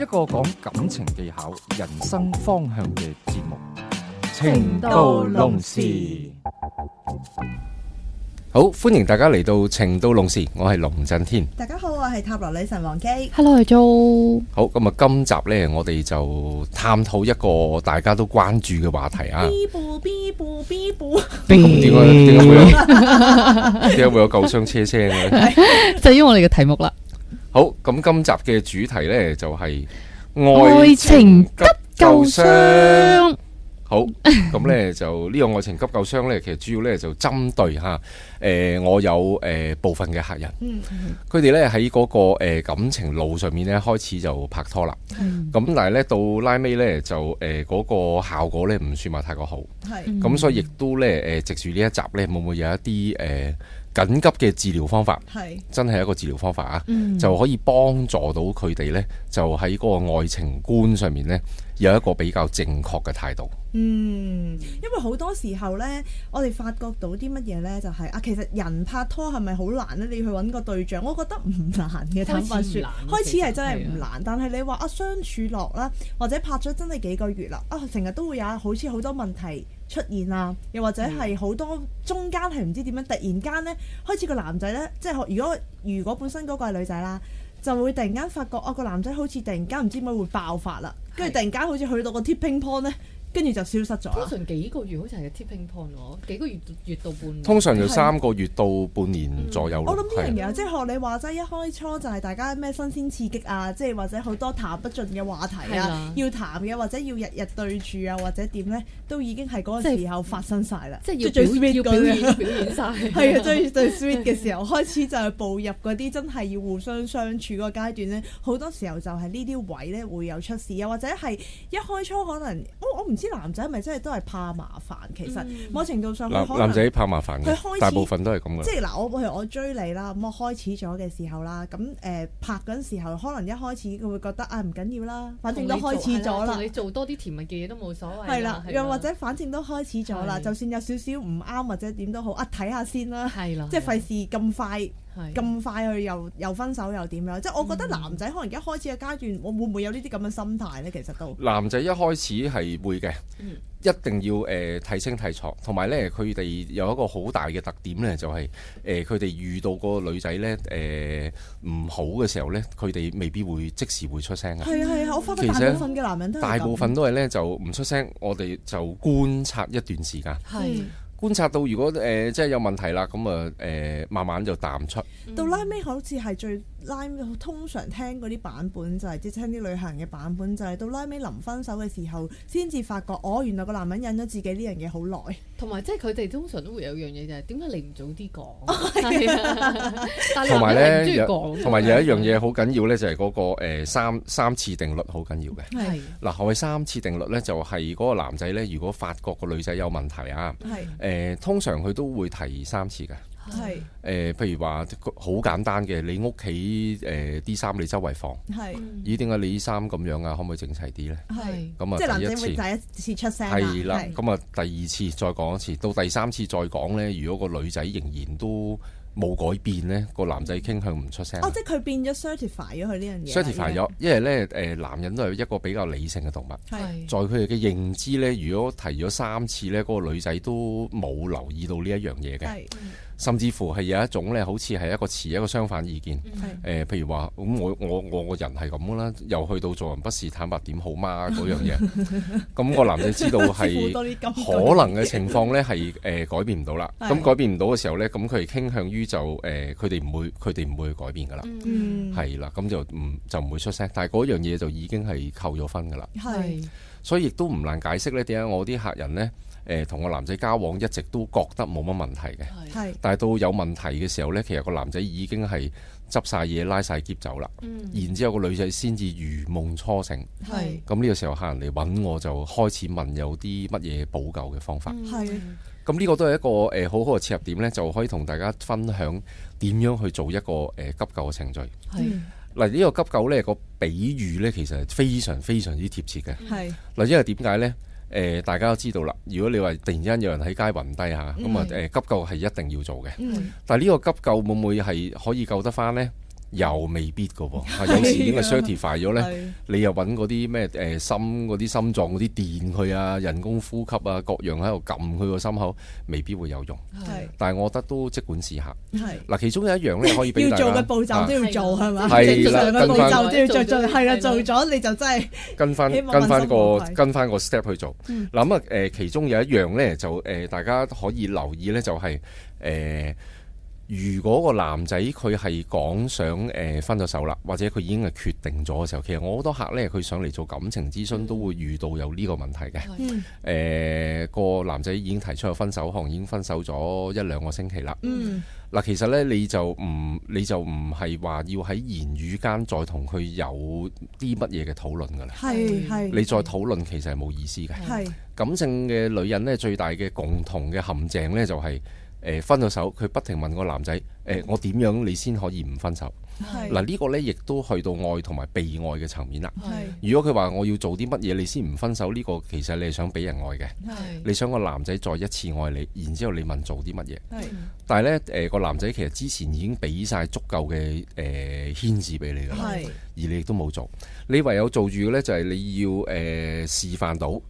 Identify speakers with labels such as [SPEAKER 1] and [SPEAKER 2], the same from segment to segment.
[SPEAKER 1] 一個講感情技巧、人生方向嘅節目《情到濃時》。好歡迎大家嚟到《情到濃時》。我係龍震天。
[SPEAKER 2] 大家好，我係塔羅女神王姬。Hello，你好。
[SPEAKER 1] 好，咁啊，今集咧，我哋就探討一個大家都關注嘅話題啊。嗶啵嗶啵嗶啵。點解點解會有救傷車聲嘅？
[SPEAKER 3] 就因我哋嘅題目啦。
[SPEAKER 1] 好，咁今集嘅主題呢就係、是、愛情
[SPEAKER 3] 急救箱。
[SPEAKER 1] 救好，咁呢就呢個愛情急救箱呢，其實主要呢就針對吓，誒、呃，我有誒、呃、部分嘅客人，佢哋、嗯嗯、呢喺嗰、那個誒、呃、感情路上面呢，開始就拍拖啦，咁、嗯、但係呢，到拉尾呢，就誒嗰、呃那個效果呢唔算話太過好，係咁、嗯、所以亦都呢，誒、呃，藉住呢一集呢，會唔會有一啲誒？呃緊急嘅治療方法係是真係一個治療方法啊，嗯、就可以幫助到佢哋呢就喺嗰個愛情觀上面呢有一個比較正確嘅態度。嗯，
[SPEAKER 2] 因為好多時候呢，我哋發覺到啲乜嘢呢？就係、是、啊，其實人拍拖係咪好難呢？你去揾個對象，我覺得唔難嘅。開始難，坦白說，開始係真係唔難，但係你話啊，相處落啦，或者拍咗真係幾個月啦，啊，成日都會有好似好多問題。出現啊，又或者係好多中間係唔知點樣，嗯、突然間呢開始個男仔呢？即係如果如果本身嗰個係女仔啦，就會突然間發覺哦，個男仔好似突然間唔知點解會爆發啦，跟住的突然間好似去到個 tipping point 呢？跟住就消失咗。通常幾個月，好似係 tipping point 喎，幾個月月到半年，通常就三
[SPEAKER 1] 個月到半年左右。我諗呢樣嘢
[SPEAKER 2] 即係學你話齋，一開初就係大家咩新鮮刺激啊，即係或者好多談不盡嘅話題啊，要談嘅或者要日日對住啊或者點咧，都已經係嗰個時候發生晒啦。即係要最 sweet 嗰啲。表現曬。係啊，最最 sweet 嘅時候開始就係步入嗰啲真係要互相相處個階段咧。好多時候就係呢啲位咧會有出事啊，或者係一開初可能我我唔。啲男仔咪真係都係怕麻煩，其實、嗯、某程度上男仔怕麻煩，佢開始大部分都係咁嘅。即係嗱，我譬如我追你啦，咁我開始咗嘅時候啦，咁誒、呃、拍嗰陣時候，可能一開始佢會覺得啊唔緊要啦，反正都開始咗啦。你做，
[SPEAKER 3] 你做多啲甜蜜嘅嘢都冇所謂。係啦，又或者
[SPEAKER 2] 反正都開始咗啦，的就算有少少唔啱或者點都好，啊睇下先啦，即係費事咁快。的的咁快去又又分手又點樣？嗯、即係我覺得男仔可能一開始嘅階段，我會唔會有呢啲咁嘅心態呢？其實都
[SPEAKER 1] 男仔一開始係會嘅，嗯、一定要誒睇、呃、清睇楚，同埋呢，佢哋有一個好大嘅特點呢、就係，就係誒佢哋遇到個女仔呢，誒、呃、唔好嘅時候呢，佢哋未必會即時會出聲嘅。啊係啊，我發覺大部分嘅男人都大部分都係呢，就唔出聲，我哋就觀察一段時間。係是。嗯觀察到，如果誒、呃、即係有問題啦，咁啊誒，慢慢就淡出。
[SPEAKER 2] 到拉尾好似係最。 拉通常聽嗰啲版本就係即係聽啲旅行嘅版本，就係、是就是、到拉尾臨分手嘅時候，先至發覺哦，原來個男人忍咗自己呢樣嘢好耐，同埋即係佢哋通常都會有樣嘢就係、是、點解你唔早啲講？同埋咧，
[SPEAKER 1] 同埋有一樣嘢好緊要咧，就係、是、嗰、那個、呃、三三次定律好緊要嘅。係嗱、啊，何謂三次定律咧？就係、是、嗰個男仔咧，如果發覺個女仔有問題啊，誒、啊呃，通常佢都會提三次嘅。係誒是、呃，譬如話好簡單嘅，你屋企誒啲衫，你周圍放，係咦是？點解你啲衫咁樣啊？可唔可以整齊啲咧？
[SPEAKER 2] 係咁啊，即係男仔第一次出聲係啦，咁
[SPEAKER 1] 啊，第二次再講一次，到第三次再講咧。如果個女仔仍然都冇改變咧，嗯、個男仔傾向唔出聲哦。即係
[SPEAKER 2] 佢變咗 certify 咗佢呢樣嘢
[SPEAKER 1] ，certify 咗，因為咧誒，男人都係一個比較理性嘅動物係。的的在佢哋嘅認知咧，如果提咗三次咧，嗰、嗰個女仔都冇留意到呢一樣嘢嘅。嗯甚至乎係有一種咧，好似係一個持一個相反意見。誒、呃，譬如話咁，我我我個人係咁啦，又去到做人不是坦白點好嗎嗰、啊、樣嘢？咁 個男仔知道係可能嘅情況咧，係、呃、誒改變唔到啦。咁的改變唔到嘅時候咧，咁佢係傾向於就誒，佢哋唔會佢哋唔會去改變噶啦。係啦、嗯，咁就唔就唔會出聲。但係嗰樣嘢就已經係扣咗分噶啦。係的，所以亦都唔難解釋咧，點解我啲客人咧？誒同個男仔交往一直都覺得冇乜問題嘅，是但係到有問題嘅時候呢，其實個男仔已經係執晒嘢拉晒喼走啦。嗯、然之後個女仔先至如夢初醒。係是，咁呢個時候客人嚟揾我就開始問有啲乜嘢補救嘅方法。係、嗯，咁呢個都係一個誒、呃、好好嘅切入點呢，就可以同大家分享點樣去做一個誒、呃、急救嘅程序。係，嗱呢個急救呢、呢個比喻呢，其實係非常非常之貼切嘅。係、嗯，嗱是因為點解呢？誒、呃、大家都知道啦，如果你話突然間有人喺街暈低嚇，咁啊誒、嗯呃、急救係一定要做嘅。嗯、但係呢個急救會唔會係可以救得翻呢？又未必噶，有時已經係 certify 咗咧，你又揾嗰啲咩誒心，嗰啲心臟嗰啲電去啊，人工呼吸啊，各樣喺度撳佢個心口，未必會有用。係，但係我覺得都即管試下。係。嗱，其中有一樣咧，可以俾要做嘅步驟都要
[SPEAKER 2] 做係嘛？係啦，嘅步驟都要做做，係啦，做咗你就真係跟翻跟翻個跟
[SPEAKER 1] 翻個 step 去做。嗱咁啊誒，其中有一樣咧就誒，大家可以留意咧就係誒。如果個男仔佢係講想誒、呃、分咗手啦，或者佢已經係決定咗嘅時候，其實我好多客咧，佢上嚟做感情諮詢都會遇到有呢個問題嘅。誒、嗯呃個男仔已經提出要分手，可能已經分手咗一兩個星期啦。嗱、嗯，其實咧你就唔你就唔係話要喺言語間再同佢有啲乜嘢嘅討論㗎啦。係係，你再討論其實係冇意思嘅。係，感性嘅女人咧最大嘅共同嘅陷阱咧就係。誒、呃、分咗手，佢不停問個男仔：誒、呃、我點樣你先可以唔分手？嗱呢是、啊呢個呢亦都去到愛同埋被愛嘅層面啦。是如果佢話我要做啲乜嘢你先唔分手，呢、呢個其實你係想俾人愛嘅。是你想個男仔再一次愛你，然之後你問做啲乜嘢？是但係呢誒個、呃、男仔其實之前已經俾晒足夠嘅誒、呃、牽制俾你啦，是而你亦都冇做。你唯有做住嘅呢，就係你要誒、呃、示範到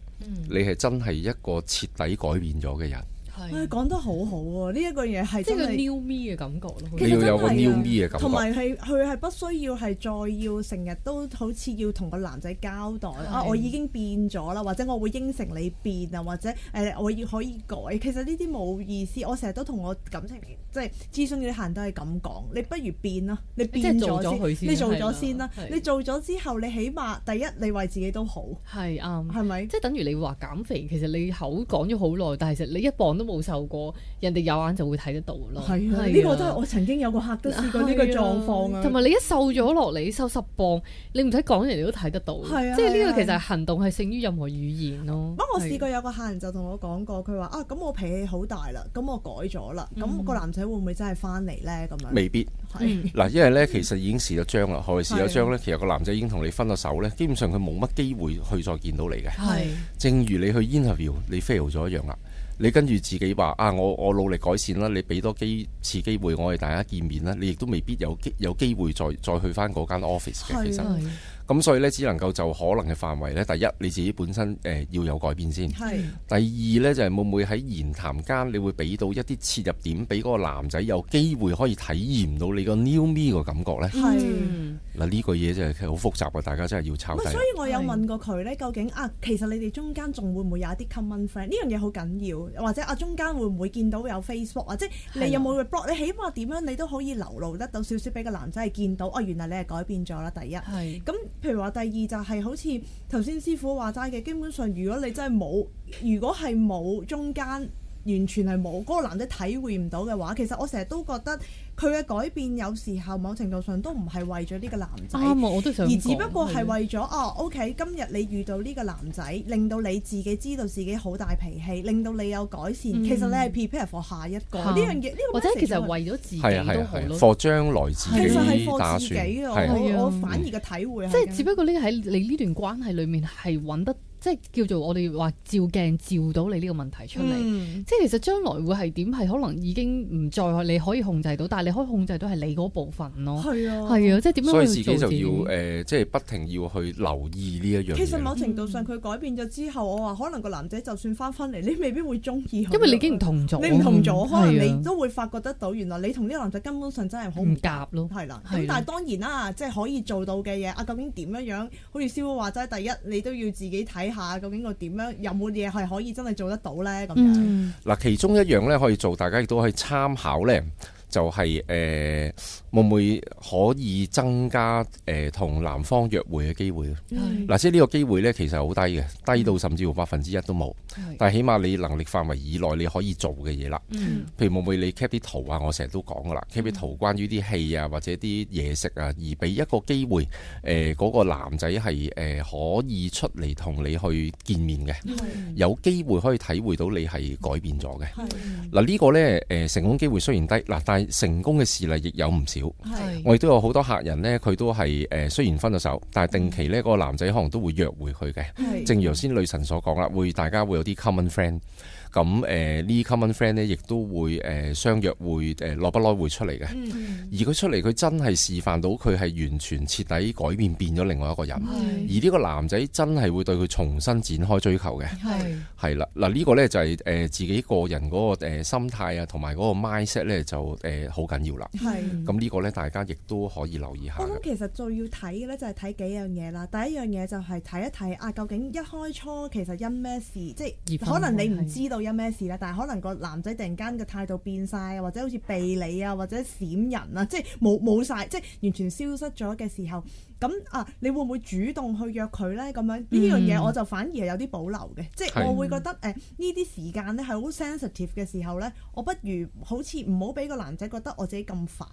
[SPEAKER 1] 你係真係一個徹底改變咗嘅人。
[SPEAKER 2] 佢講、哎、得好好、啊、喎！呢、這、一個嘢係真係 new me 嘅感覺咯，要有 new me 嘅感覺。同埋係佢係不需要係再要成日都好似要同個男仔交代的啊！我已經變咗啦，或者我會應承你變啊，或者誒、哎、我要可以改。其實呢啲冇意思。我成日都同我感情即係、就是、諮詢嗰啲男都係咁講，你不如變啦，你變咗先，做先你做咗先，的先啦，你做咗之後，你起碼第一你為自己都好，係啊，係咪？即
[SPEAKER 3] 係、就是、等於你話減肥，其實你口講咗好耐，但係其實你一磅都冇。受過，人哋有眼就會睇得到咯。係呢個都係我
[SPEAKER 2] 曾經有個客都試過呢個狀況啊。同埋你一
[SPEAKER 3] 瘦咗落嚟，瘦十磅，你唔使講，人哋都睇得到。係啊，即係呢個其實行動係勝於任何語言咯。不過，我試過
[SPEAKER 2] 有個客人就同我講過，佢話啊，咁我脾氣好大啦，咁我改咗啦，咁個男仔會唔會真係翻嚟咧？咁樣未必係嗱，
[SPEAKER 1] 因為咧，其實已經事咗章啦，去事咗章咧，其實個男仔已經同你分咗手咧，基本上佢冇乜機會去再見到你嘅。係，正如你去 interview 你 fail 咗一樣啦。你跟住自己話啊，我我努力改善啦。你俾多機次機會我哋大家見面啦。你亦都未必有機有機會再再去返嗰間 office 嘅。其實咁是是 所以呢，只能夠就可能嘅範圍呢。第一，你自己本身誒、呃、要有改變先。是 第二呢，就係會唔會喺言談間，你會俾到一啲切入點，俾嗰個男仔有機會可以體驗到你個 new me 嘅感覺呢？係是。嗯。呢個嘢真係好複雜喎，大家真係要抄底。唔係，所以我
[SPEAKER 2] 有問過佢咧，究竟啊，其實你哋中間仲會唔會有一啲 common friend？呢樣嘢好緊要，或者啊，中間會唔會見到有 Facebook，或者你有冇 report 你起碼點樣你都可以流露得到少少俾個男仔係見到。哦、啊，原來你係改變咗啦。第一，咁係譬如話，第二就係、係、好似頭先師傅話齋嘅，基本上如果你真係冇，如果係冇中間，完全係冇，嗰、那個男仔體會唔到嘅話，其實我成日都覺得。佢嘅改變有時候某程度上都唔係為咗呢個男仔，啱我都想，而只不過係為咗的哦，OK，今日你遇到呢個男仔，令到你自己知道自己好大脾氣，令到你有改善。嗯、其實你係 prepare for 下一個，呢、嗯、樣嘢，呢的或者其實為咗自己都好咯
[SPEAKER 1] ，for 將來自己嘅打算。自
[SPEAKER 2] 己。我反而嘅體會、嗯，即係只
[SPEAKER 3] 不過呢個喺你呢段關係裡面係揾得。即係叫做我哋話照鏡照到你呢個問題出嚟，嗯、即係其實將來會係點？係可能已經唔再你可以控制到，但係你可以控制到係你嗰部分咯。係啊，係啊，即係點
[SPEAKER 2] 樣去做？所以自己就要
[SPEAKER 1] 誒，即、呃、係、就是、不停要去留意呢一樣。其實某
[SPEAKER 2] 程度上佢、嗯、改變咗之後，我話可能個男仔就算翻返嚟，你未必會中意。因為你已經唔同咗，你唔同咗，可能你都會發覺得到原來你同呢個男仔根本上真係好唔夾咯。係啦、啊，咁但係當然啦，即、就、係、是、可以做到嘅嘢啊，究竟點樣樣？好似師傅話齋，第一你都要自己睇。下究竟我點樣有冇嘢係可以真係做得到呢？咁樣
[SPEAKER 1] 嗱，其中一樣呢可以做，大家亦都可以參考呢，就係、是、誒。呃會唔會可以增加誒同、呃、男方約會嘅機會？嗱的、啊，即係呢個機會咧，其實好低嘅，低到甚至乎百分之一都冇。的但係起碼你能力範圍以內你可以做嘅嘢啦。嗯的，譬如會唔會你 keep 啲圖啊？我成日都講噶啦，keep 啲圖關於啲戲啊，或者啲嘢食啊，而俾一個機會誒，呃嗰個男仔係誒可以出嚟同你去見面嘅，的有機會可以體會到你係改變咗嘅。嗱的，啊這個、呢個咧誒成功機會雖然低，嗱，但係成功嘅事例亦有唔少。是我亦都有好多客人咧，佢都係誒、呃，雖然分咗手，但係定期咧嗰、嗯、個男仔可能都會約會佢嘅，是正如頭先女神所講啦，會大家會有啲 common friend。咁誒呢 common friend 咧，亦都會誒相約會誒耐不耐會出嚟嘅。而佢出嚟，佢真係示範到佢係完全徹底改變變咗另外一個人。是而呢個男仔真係會對佢重新展開追求嘅。係係啦，嗱呢個咧就係誒自己個人個誒心態啊，同埋是個 mindset 咧就誒好緊要啦。係咁呢個咧，大家亦都可以留意下。我
[SPEAKER 2] 諗其實最要睇嘅咧就係睇幾樣嘢啦。第一樣嘢就係睇一睇啊，究竟一開初其實因咩事，即係可能你唔知道。有咩事咧？但係可能個男仔突然間嘅態度變晒，或者好似避你啊，或者閃人啊，即係冇冇晒，即係完全消失咗嘅時候，咁啊，你會唔會主動去約佢呢？咁樣呢，嗯，樣嘢我就反而係有啲保留嘅，即係我會覺得誒呢啲時間咧係好 sensitive 嘅時候呢，我不如好似唔好俾個男仔覺得我自己咁煩。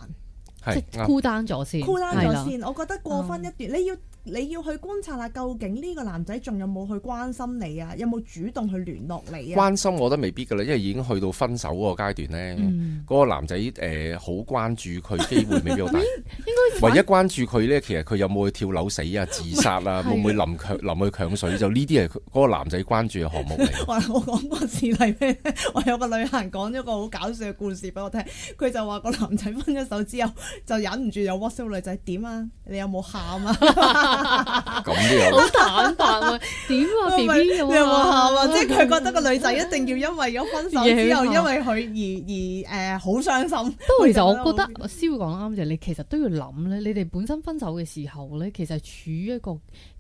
[SPEAKER 3] 即係孤單咗先，孤單咗先。
[SPEAKER 2] 我覺得過分一段，你要你要去觀察下，究竟呢個男仔仲有冇去關心你啊？有冇主動去聯絡你啊？關心
[SPEAKER 1] 我覺得未必㗎啦，因為已經去到分手嗰個階段咧。嗰個男仔誒好關注佢，機會未必好大。應該唯一關注佢咧，其實佢有冇去跳樓死啊、自殺啊，會唔會臨強臨去強水？就呢啲係嗰個男仔關注嘅項目嚟。
[SPEAKER 2] 我講個事例咩？我有個旅行講咗個好搞笑嘅故事俾我聽。佢就話個男仔分咗手之後，就忍唔住有 WhatsApp 女仔點啊？你有冇喊啊？咁樣好坦白啊？點啊 B B 你有冇喊啊？ 即係佢覺得個女仔一定要因為咗分手之後，因為佢而而誒好、呃、傷心。不過 其實我覺得
[SPEAKER 3] 師父講得啱，就你其實都要諗咧，你哋本身分手嘅時候咧，其實處於一個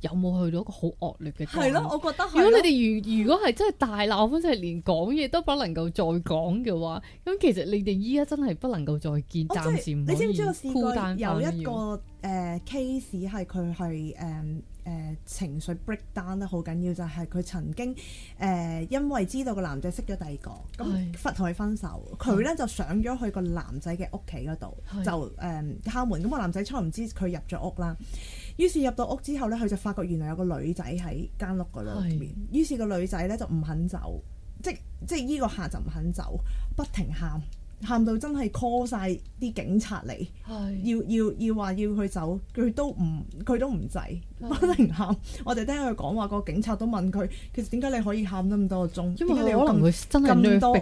[SPEAKER 3] 有冇去到一個好惡劣嘅係咯。我覺得如果你哋如如果係真係大鬧，或者係連講嘢都不能夠再講嘅話，咁其實你哋依家真係不能夠再見， 暫時唔可以。 我試過有一個
[SPEAKER 2] 誒、呃、case 係佢係誒誒情緒 breakdown 得好緊要，就係、是、佢曾經誒、呃、因為知道個男仔識咗第二個，咁分同佢分手，佢咧是就上咗去個男仔嘅屋企嗰度，是就誒、呃、敲門。咁、那個男仔初唔知佢入咗屋啦，於是入到屋之後咧，佢就發覺原來有個女仔喺間屋嗰裏面，是於是個女仔咧就唔肯走，即即依個客就唔肯走，不停喊。喊到真係 call 晒啲警察嚟，要要要話要佢走，佢都唔佢都唔制，不停喊。我哋聽佢講話，個警察都問佢，其實點解你可以喊咗咁多個鐘？點解你可能會真係咁多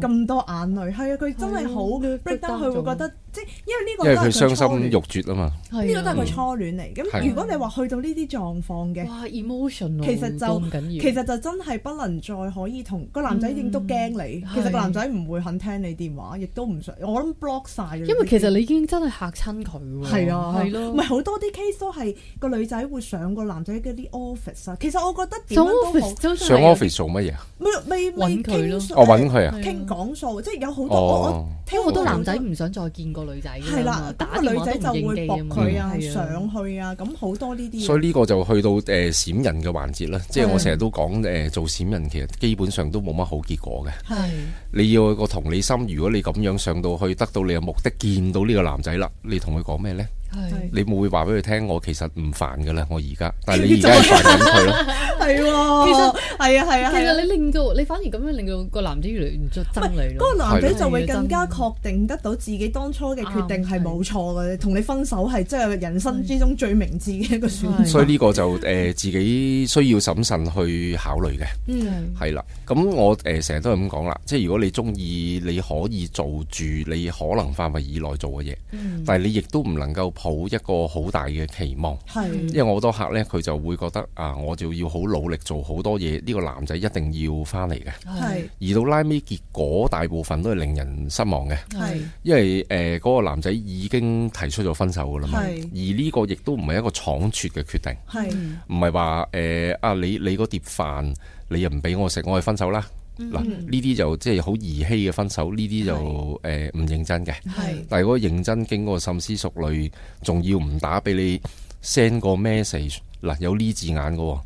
[SPEAKER 2] 咁多眼淚？係啊，佢真係好 break down，佢會覺得，即係因為呢個都係佢傷心欲絕吖嘛。呢
[SPEAKER 3] 個都係佢初
[SPEAKER 2] 戀嚟咁，如果你話去到呢啲狀況嘅，哇 emotion，其實就其實就真係不能再可以同個男仔亦都驚你。其實個男仔唔會肯聽你電話。亦都唔想，我諗 block 曬。因為其實你
[SPEAKER 3] 已經真係嚇親佢喎。係啊，係咯，咪好
[SPEAKER 2] 多啲 case 都係個女仔會上個男仔嗰啲 office 啊。其實我覺得點樣都好，上 office 做乜嘢？咪咪咪傾，哦，揾佢啊，傾講數，即係有好多，我
[SPEAKER 3] 聽好多男仔唔想再見個女仔。係啦，咁個女仔就會搏佢啊，上
[SPEAKER 2] 去啊，咁好多呢啲。所以呢
[SPEAKER 1] 個就去到誒閃人嘅環節啦。即係我成日都講誒做閃人，其實基本上都冇乜好結果嘅。
[SPEAKER 2] 係，
[SPEAKER 1] 你要個同理心，如果你。咁樣上到去，得到你嘅目的，見到呢個男仔啦，你同佢講咩咧？係你冇，會話俾佢聽，我其實唔煩噶啦，我而家，但係你而家煩緊佢咯，
[SPEAKER 2] 係 的，其實係啊係啊，其實你令
[SPEAKER 3] 到你反而咁樣令到個男仔越嚟越唔足憎你，唔係，嗰個男仔就會更加
[SPEAKER 2] 確定得到自己當初嘅決定係冇錯嘅，同你分手係真係人生之中最明智嘅一個選擇。的 的所以呢
[SPEAKER 1] 個就誒自己需要審慎去考慮嘅，嗯，係啦，咁我誒成日都係咁講啦，即係如果你中意，你可以做住你可能範圍以內做嘅嘢，嗯，但係你亦都唔能夠。抱一個好大嘅期望，是因為我好多客咧，佢就會覺得啊，我就要好努力做好多嘢，呢個男仔一定要翻嚟嘅。是而到拉尾，結果，大部分都係令人失望嘅。是因為誒嗰個男仔已經提出咗分手㗎啦嘛，是而呢個亦都唔係一個倉促嘅決定，唔係話誒啊，你你嗰碟飯你又唔俾我食，我係分手啦。嗱，呢啲就即係好兒戲嘅分手，呢啲就誒唔認真嘅。係，但係果個認真經過深思熟慮，仲要唔打俾你 send 個 message，嗱，有呢字眼嘅，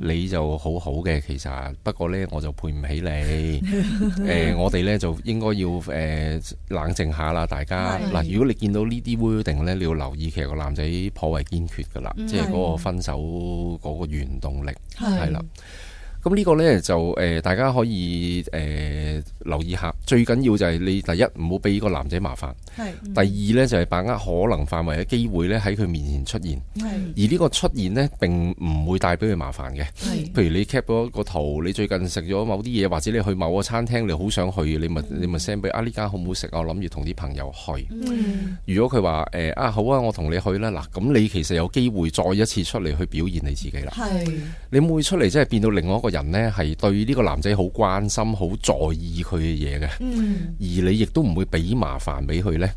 [SPEAKER 1] 你就好好嘅其實。不過咧，我就配唔起你。誒，我哋咧就應該要誒冷靜下啦，大家。嗱，如果你見到呢啲 warning 咧，你要留意，其實個男仔頗為堅決噶啦，即係嗰個分手嗰個原動力係啦。咁呢個呢，就誒大家可以誒留意下，最緊要就係你第一唔好俾個男仔麻煩，第二呢就係把握可能範圍嘅機會呢喺佢面前出現，而呢個出現呢並唔會帶俾佢麻煩嘅。譬如你 cap 咗個圖，你最近食咗某啲嘢，或者你去某個餐廳，你好想去，你咪你咪 send 俾啊，呢間好唔好食啊？我諗住同啲朋友去。如果佢話誒啊好啊，我同你去啦，嗱咁你其實有機會再一次出嚟去表現你自己啦。你會出嚟即係變到另外一個。人呢係對呢個男仔好關心、好在意佢嘅嘢嘅，嗯、而你亦都唔會俾麻煩俾佢呢。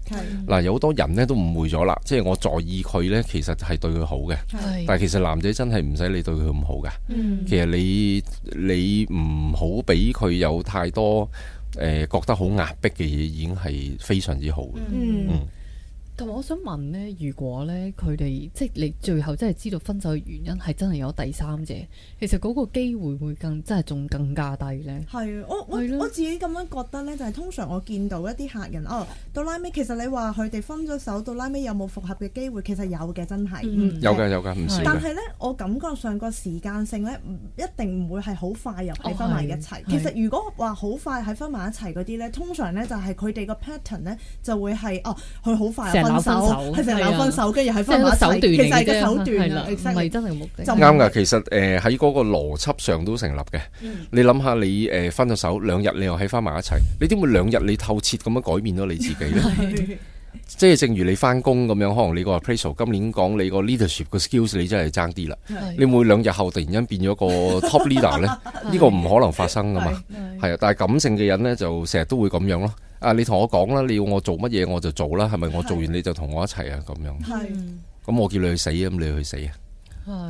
[SPEAKER 1] 嗱是，有好多人呢都誤會咗啦，即係我在意佢呢其實係對佢好嘅。是但係其實男仔真係唔使你對佢咁好㗎。嗯、其實你你唔好俾佢有太多誒、呃、覺得好壓迫嘅嘢，已經係非常之好。嗯嗯
[SPEAKER 3] 同埋我想問咧，如果咧佢哋即係你最後真係知道分手嘅原因係真係有第三者，其實嗰個機會會更真係仲更加低咧。
[SPEAKER 2] 係啊，我的我我自己咁樣覺得咧，就係、是、通常我見到一啲客人哦，到拉尾其實你話佢哋分咗手，到拉尾有冇復合嘅機會？其實有嘅，真係、嗯嗯。有嘅有嘅，唔少。的但係咧，我感覺上個時間性咧，一定唔會係好快又喺翻埋一齊。哦、其實如果話好快喺翻埋一齊嗰啲咧，通常咧就係佢哋個 pattern 咧就會係哦，佢、哦、好快。鬧分手，係成日鬧分手，跟住又係
[SPEAKER 1] 分下。其實個手段，其實係個手段啊，唔係真正目的。啱噶，其實誒喺嗰個邏輯上都成立嘅。你諗下，你誒分咗手兩日，你又喺翻埋一齊，你點會兩日你透徹咁樣改變咗你自己咧？即係正如你翻工咁樣，可能你個 appraisal 今年講你個 leadership 嘅 skills，你真係爭啲啦。你會兩日後突然間變咗個 top leader 咧，呢個唔可能發生噶嘛？係啊，但係感性嘅人咧，就成日都會咁樣咯。啊！你同我講啦，你要我做乜嘢我就做啦，係咪？我做完你就同我一齊啊，咁樣。係是。咁我叫你去死咁，你去死啊！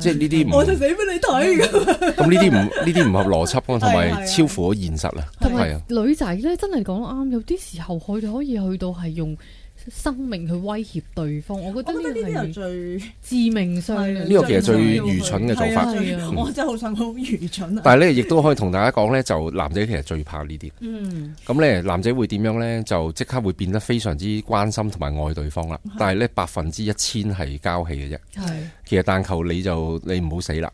[SPEAKER 2] 是即係呢啲唔，我就死俾你睇。咁呢啲唔呢啲
[SPEAKER 1] 唔合邏輯咯，同埋超乎咗現實啦。係啊，
[SPEAKER 3] 女仔咧真係講得啱，有啲時候佢哋可以去到係用。生命去威脅對方，我覺得呢啲係
[SPEAKER 2] 最致命，最呢啲最的其實最愚蠢嘅做法。我真係好想好愚蠢啊！嗯、但係咧，
[SPEAKER 3] 亦
[SPEAKER 1] 都可以同大家講咧，就男仔其實最怕呢啲。嗯，咁咧男仔會點樣咧？就即刻會變得非常之關心同埋愛對方啦。的但係咧，百分之一千係交氣嘅啫。係的，其實但求你就你唔好死啦。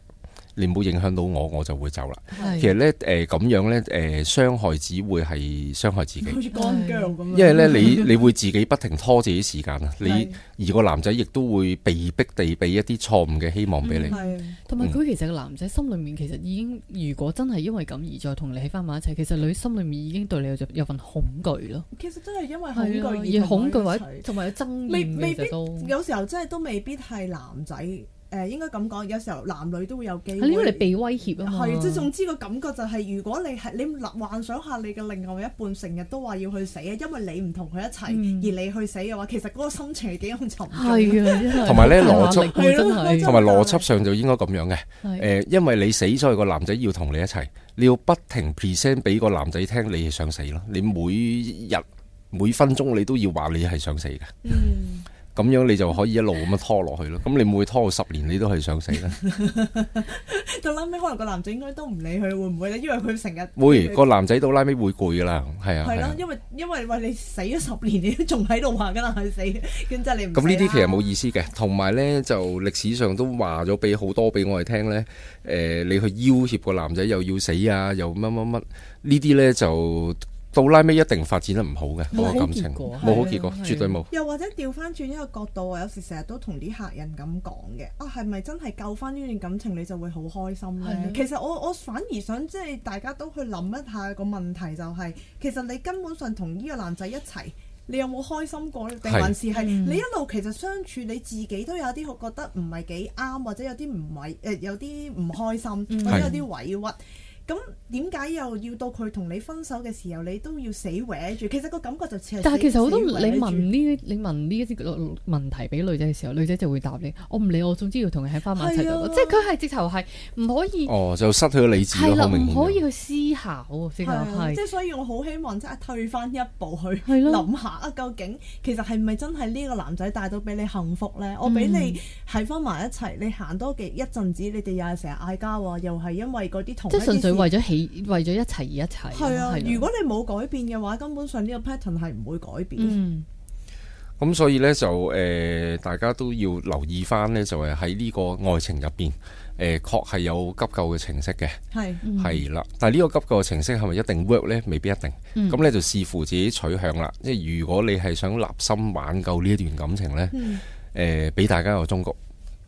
[SPEAKER 1] 你冇影響到我，我就會走啦。是其實咧，誒、呃、咁樣咧，誒、呃、傷害只會係傷害自己。
[SPEAKER 2] 好似光腳咁。因為咧，的你
[SPEAKER 1] 你會自己不停拖自己時間啊。的你而個男仔亦都會被迫地俾一啲錯誤嘅希望俾你。同埋佢
[SPEAKER 3] 其實個男仔心裏面其實已經，如果真係因為咁而再同你喺返埋一齊，嗯、其實女心裏面已經對你有有份恐懼咯。
[SPEAKER 2] 其實真係因為恐懼的而恐懼或者同埋爭議，其實都有時候真係都未必係男仔。誒，應該咁講，有時候男女都會有機會。係因為你被威脅啊嘛。係，即總之個感覺就係，如果你係你幻想下你嘅另外一半成日都話要去死啊，因為你唔同佢一齊，而你去死嘅話，其實嗰個心情係幾沉重嘅。係啊，同埋咧邏輯，同埋邏
[SPEAKER 1] 輯上就應該咁樣嘅。誒，因為你死咗，個男仔要同你一齊，你要不停 present 俾個男仔聽你係想死咯。你每日每分鐘你都要話你係想死嘅。嗯。咁樣你就可以一路咁樣拖落去咯。咁你會唔會拖到十年？你都係想死咧？
[SPEAKER 2] 到拉尾可能個男仔應該都唔理佢，會唔會咧？因為佢成日會個男
[SPEAKER 1] 仔到拉尾會攰噶啦，係啊。係咯，因
[SPEAKER 2] 為因為喂你死咗十年，你都仲喺度話噶啦，死，真係你唔。咁呢啲其實
[SPEAKER 1] 冇意思嘅，同埋咧就歷史上都話咗俾好多俾我哋聽咧。誒，你去要挾個男仔又要死啊，又乜乜乜呢啲咧就。到拉尾一定發展得唔好嘅，冇感情，冇果好結果，絕對冇。
[SPEAKER 2] 又或者調翻轉一個角度，我有時成日都同啲客人咁講嘅，啊，係咪真係救翻呢段感情，你就會好開心咧？的其實我我反而想，即係大家都去諗一下一個問題，就是，就係其實你根本上同呢個男仔一齊，你有冇開心過？定的還是係你一路其實相處，你自己都有啲覺得唔係幾啱，或者有啲唔係誒，有啲唔開心，或者有啲委屈。的咁點解又要到佢同你分手嘅時候，你都要死搲住？其實個感覺就似，但係其實好多你問
[SPEAKER 3] 呢你問呢一啲問題俾女仔嘅時候，女仔就會答你：我唔理，我總之要同佢喺翻埋一齊。啊、即係佢係直頭係唔可以哦，
[SPEAKER 1] 就失去理智咯，唔、啊、
[SPEAKER 3] 可以
[SPEAKER 2] 去思考，即係、啊啊、所以我好希望即係退翻一步去諗下啊，下究竟其實係咪真係呢個男仔帶到俾你幸福咧？嗯、我俾你喺翻埋一齊，你行多幾一陣子，你哋又係成日嗌交喎，又係因為嗰啲同一的為
[SPEAKER 3] 咗起，為咗一齊而一齊。係啊，如果
[SPEAKER 2] 你冇改變嘅話，根本上呢個 pattern 係唔會改變。嗯，
[SPEAKER 1] 咁所以咧就誒，大家都要留意翻咧，就係喺呢個愛情入邊，誒，確係有急救嘅程式嘅。係，係啦。但係呢個急救嘅程式係咪一定 work 咧？未必一定。咁咧就視乎自己取向啦。即係如果你係想立心挽救呢一段感情咧，誒，俾大家個忠告，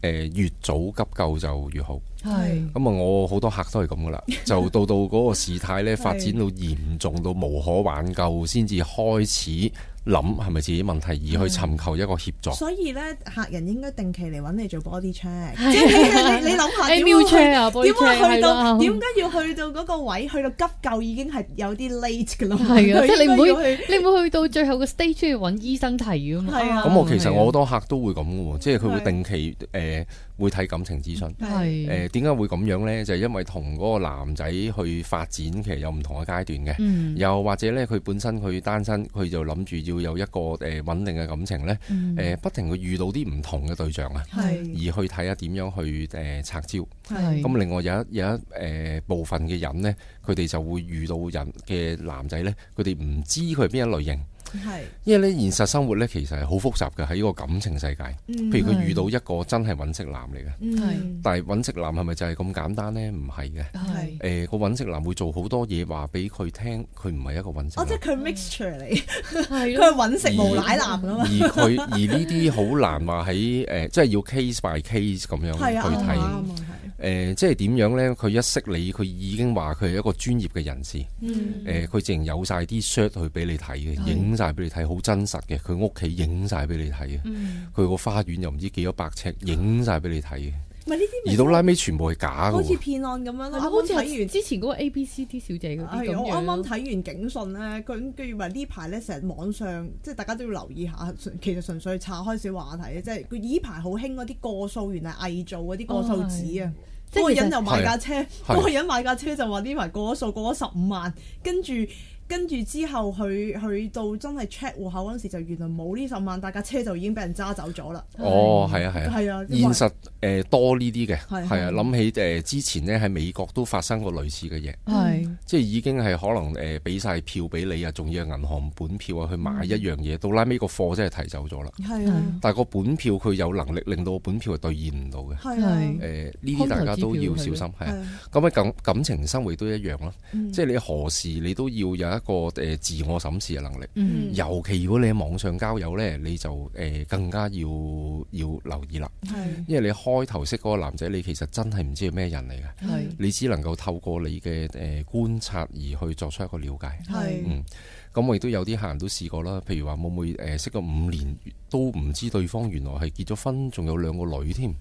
[SPEAKER 1] 誒，越早急救就越好。係咁啊！是我好多客都係咁噶啦， 就到到嗰個事態咧，發展到嚴重 是到無可挽救，先至開始。諗係咪自己問題而去尋求一個協助，所
[SPEAKER 2] 以咧，客人應該定期嚟揾你做 body check，你你諗下點啊？點解去到，點解要去到嗰個位？去到急救已經係有啲 late 㗎啦。係啊，即係你唔會去，你唔會去到最後
[SPEAKER 3] 個 stage 去揾醫生睇㗎嘛。係啊。咁我其實我好多
[SPEAKER 1] 客都會咁嘅喎，即係佢會定期誒會睇感情諮詢。係誒，點解會咁樣咧？就係因為同嗰個男仔去發展其實有唔同嘅階段嘅。又或者咧，佢本身佢單身，佢就諗住要。會有一個誒穩定嘅感情咧，誒、嗯呃、不停會遇到啲唔同嘅對象啊，是而去睇下點樣去誒拆招。咁是另外有一有一誒部分嘅人咧，佢哋就會遇到人嘅男仔咧，佢哋唔知佢係邊一類型。係，是因為咧現實生活咧其實係好複雜嘅，喺呢個感情世界。嗯、譬如佢遇到一個真係搵食男嚟嘅，嗯、但係搵食男係咪就係咁簡單咧？唔係嘅。係是，誒個搵食男會做好多嘢話俾佢聽，佢唔係一個搵食。哦，即
[SPEAKER 2] 係佢 mixture 嚟，佢係搵食無賴男噶嘛而。而佢而呢
[SPEAKER 1] 啲好難話喺誒，即係要 case by case 咁樣去睇。誒、呃，即係點樣咧？佢一識你，佢已經話佢係一個專業嘅人士。誒、嗯、佢、呃、自然有晒啲相去俾你睇嘅，影晒俾你睇，好真實嘅。佢屋企影晒俾你睇嘅，佢個、嗯、花園又唔知幾多百尺，影晒俾你睇嘅。的
[SPEAKER 2] 唔係呢啲，而到
[SPEAKER 1] 拉尾全部係假，好似
[SPEAKER 2] 騙案咁樣啦、嗯嗯。好似睇完之前嗰個 A B C D 小姐嗰、啊、我啱啱睇完警訊咧，佢佢話呢排咧，成日網上，即係大家都要留意下，其實純粹岔開少話題咧，即係佢呢排好興嗰啲過數，原來偽造嗰啲過數紙啊！哦、個人又買架車，個人買架車就話呢排過咗數，過咗十五萬，跟住。跟住之後，去佢到真係 check 戶口嗰陣時，就原來冇呢十萬，大架車就已經俾人揸走咗啦。哦，係啊，係啊，係啊。現實
[SPEAKER 1] 誒多呢啲嘅係啊，諗起誒之前呢，喺美國都發生過類似嘅嘢，係即係已經係可能誒俾曬票俾你啊，仲要係銀行本票啊去買一樣嘢，到拉尾個貨真係提走咗啦。係啊，但係個本票佢有能力令到個本票兌現唔到嘅係啊。誒呢啲大家都要小心係啊。咁啊感感情生活都一樣啦，即係你何時你都要有。一個誒自我審視嘅能力，嗯、尤其如果你喺網上交友呢，你就誒、呃、更加要要留意啦。是因為你開頭識嗰個男仔，你其實真係唔知係咩人嚟嘅。是你只能夠透過你嘅誒、呃、觀察而去作出一個了解。係是，咁、嗯、我亦都有啲客人都試過啦，譬如話會唔會誒識咗五年都唔知對方原來係結咗婚，仲有兩個女添。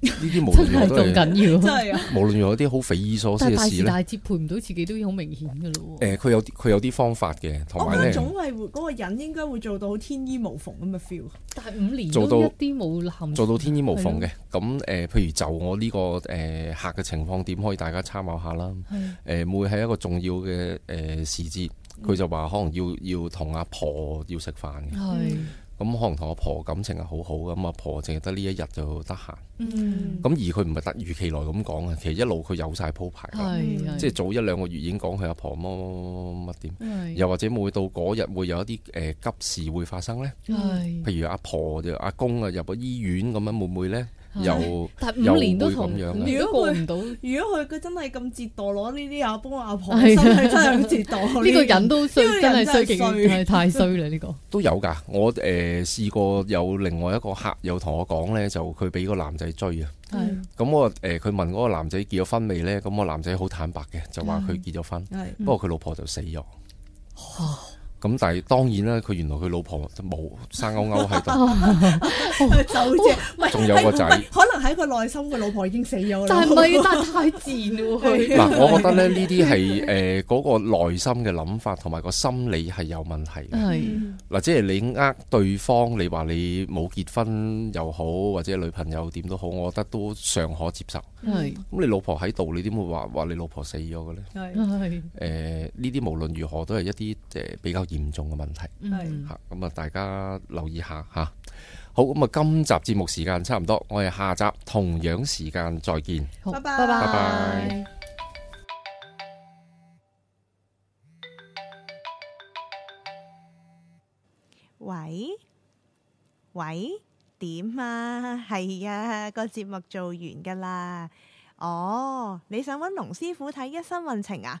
[SPEAKER 1] 呢啲冇真係仲緊要，真係啊！無論有啲好匪夷所思嘅事 但係
[SPEAKER 3] 接配唔到自己都已經好明顯
[SPEAKER 2] 噶咯。誒、呃，佢
[SPEAKER 1] 有啲佢有啲方法嘅，同埋我總
[SPEAKER 2] 係會嗰個人應該會做到天衣無縫咁嘅 feel。但係五年做到一啲冇含做到天衣無縫嘅。
[SPEAKER 1] 咁誒的，譬、呃、如就我呢、這個誒、呃、客嘅情況，點可以大家參考下啦。誒的，每喺、呃、一個重要嘅誒、呃、時節，佢就話可能要要同阿婆要食飯嘅。的咁可能同阿婆，婆感情係好好，咁阿婆淨係、嗯、得呢一日就得閒。咁而佢唔係突如其來咁講啊，其實一路佢有晒鋪排嘅，即係早一兩個月已經講佢阿婆媽媽麼乜點，是又或者每到嗰日會有一啲誒、呃、急事會發生咧？是譬如阿婆就阿公啊入咗醫院咁樣，會唔會咧？
[SPEAKER 2] 又，但五年都同樣。如果過唔到，如果佢佢真係咁折墮攞呢啲阿公阿婆，心係真係好折墮。呢個人都衰，真係衰係太衰啦！呢個
[SPEAKER 1] 都有㗎。我誒試過有另外一個客有同我講咧，就佢俾個男仔追啊。咁我誒佢問嗰個男仔結咗婚未咧？咁個男仔好坦白嘅，就話佢結咗婚，不過佢老婆就死咗。咁但係當然啦，佢原來佢老婆冇生勾勾喺度，
[SPEAKER 2] 仲有個仔，可能喺佢內心，佢老婆已經死咗啦。但係唔係，但係、嗯、太自然。
[SPEAKER 3] 嗱，我覺
[SPEAKER 1] 得咧呢啲係誒嗰個內心嘅諗法同埋個心理係有問題嘅。嗱是，即係你呃對方，你話你冇結婚又好，或者女朋友點都好，我覺得都尚可接受。咁是你老婆喺度，你點會話話你老婆死咗嘅咧？係是，呢啲是、呃、無論如何都係一啲誒比較。嚴重嘅問題，吓咁啊！大家留意下吓。好咁啊！今集節目時間差唔多，我哋下集同樣時間再見。
[SPEAKER 3] 拜拜好拜拜。
[SPEAKER 2] 喂拜喂，點啊？係啊，個節目做完噶啦。哦，你想揾龍師傅睇一生運程啊？